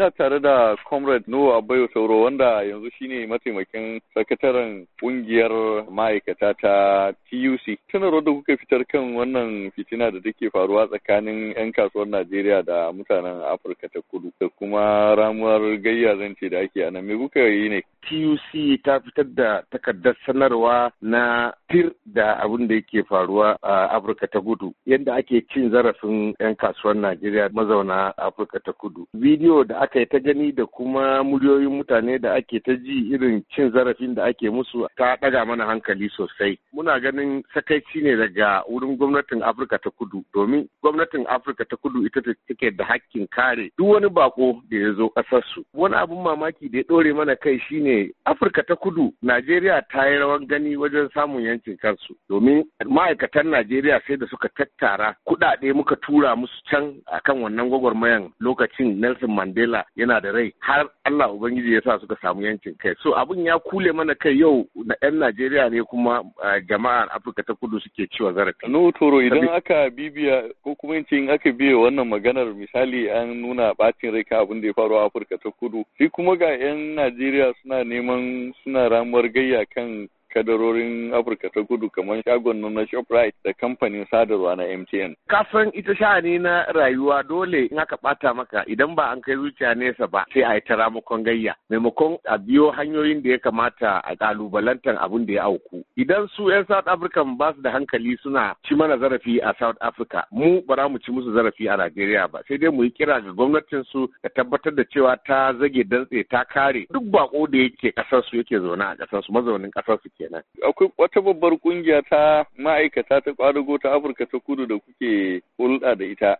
ina tare da comrade Nuhu Abayo Sauro wanda yanzu shine mataimakin sakataren kungiyar ma'aikata ta TUC. Sanarwar da kuka fitar kan wannan fitina da take faruwa tsakanin 'yan kasuwar Najeriya da mutanen Afirka ta Kudu da kuma ramuwar gayya zance da ake anan me kuka yi ne? tuc ta fitar da takardar sanarwa na tir da abin da yake faruwa a afirka ta kudu yadda ake cin zarafin 'yan kasuwar najeriya mazauna afirka ta kudu bidiyo da aka yi ta gani da kuma muryoyin mutane da ake ta ji irin cin zarafin da ake musu ta ɗaga mana hankali sosai muna ganin sakaici ne daga wurin gwamnatin afirka ta kudu domin gwamnatin afirka ta kudu ita take da hakkin kare duk wani bako da ya zo ƙasarsu wani abin mamaki da ya ɗore mana kai shine shine Afirka ta kudu Najeriya ta yi rawan gani wajen samun yancin kansu domin ma'aikatan Najeriya sai da suka tattara kudade muka tura musu can akan wannan gwagwarmayan lokacin Nelson Mandela yana da rai har Allah Ubangiji ya sa suka samu yancin kai so abin ya kule mana kai yau na 'yan Najeriya ne kuma jama'ar Afirka ta kudu suke ciwa zarafi. No Toro idan aka bibiya ko kuma in ce in aka biya wannan maganar misali an nuna bacin rai kan abin da ya faru a Afirka ta kudu sai kuma ga 'yan Najeriya suna neman suna ramuwar gayya kan kadarorin Afirka ta kudu kamar shagon na Shoprite da kamfanin sadarwa na MTN. Kasan ita sha'ani na rayuwa dole in aka bata maka idan ba an kai zuciya nesa ba sai a yi ta ramakon gayya maimakon a biyo hanyoyin da ya kamata a kalubalantar abin da ya auku. Idan su 'yan South Africa ba su da hankali suna ci mana zarafi a South Africa mu ba za mu ci musu zarafi a Najeriya ba sai dai mu yi kira ga gwamnatin su ta tabbatar da cewa ta zage dantse ta kare duk bako da yake kasar su yake zaune a kasar su mazaunin kasar su kenan akwai wata babbar kungiya ta ma'aikata ta kwadago ta Afirka ta Kudu da kuke hulɗa da ita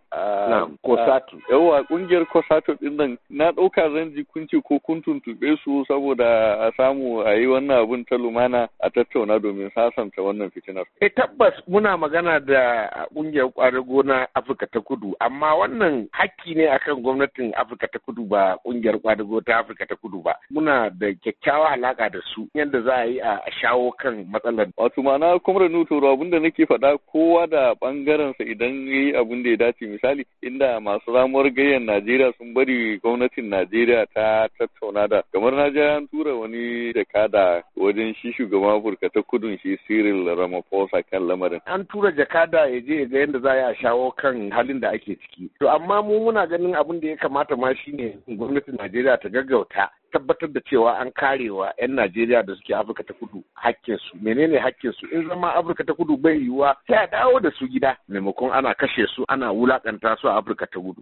na'am kosatu yawa kungiyar kosatu din nan na ɗauka zan ji kun ce ko kun tuntuɓe su saboda a samu a yi wannan abin ta lumana a tattauna domin sasanta wannan fitinar E tabbas muna magana da kungiyar kwadago na Afirka ta Kudu amma wannan hakki ne akan gwamnatin Afirka ta Kudu ba kungiyar kwadago ta Afirka ta Kudu ba muna da kyakkyawa alaka da su yadda za a yi a sha shawo kan matsalar. Wato ma'ana kuma Nutoro abin da nake faɗa kowa da ɓangarensa idan ya yi abin da ya dace misali inda masu ramuwar gayyar Najeriya sun bari gwamnatin Najeriya ta tattauna da kamar na an tura wani jakada wajen shi shugaban Afirka ta kudun shi Cyril Ramaphosa kan lamarin. An tura jakada ya je ya ga yadda za a shawo kan halin da ake ciki. To amma mu muna ganin abin da ya kamata ma shine gwamnatin Najeriya ta gaggauta tabbatar da cewa an karewa 'yan Najeriya da suke Afirka ta kudu hakkinsu menene hakkinsu in zama Afirka ta kudu bai yiwuwa sai dawo da su gida maimakon ana kashe su ana wulakanta su a Afirka ta kudu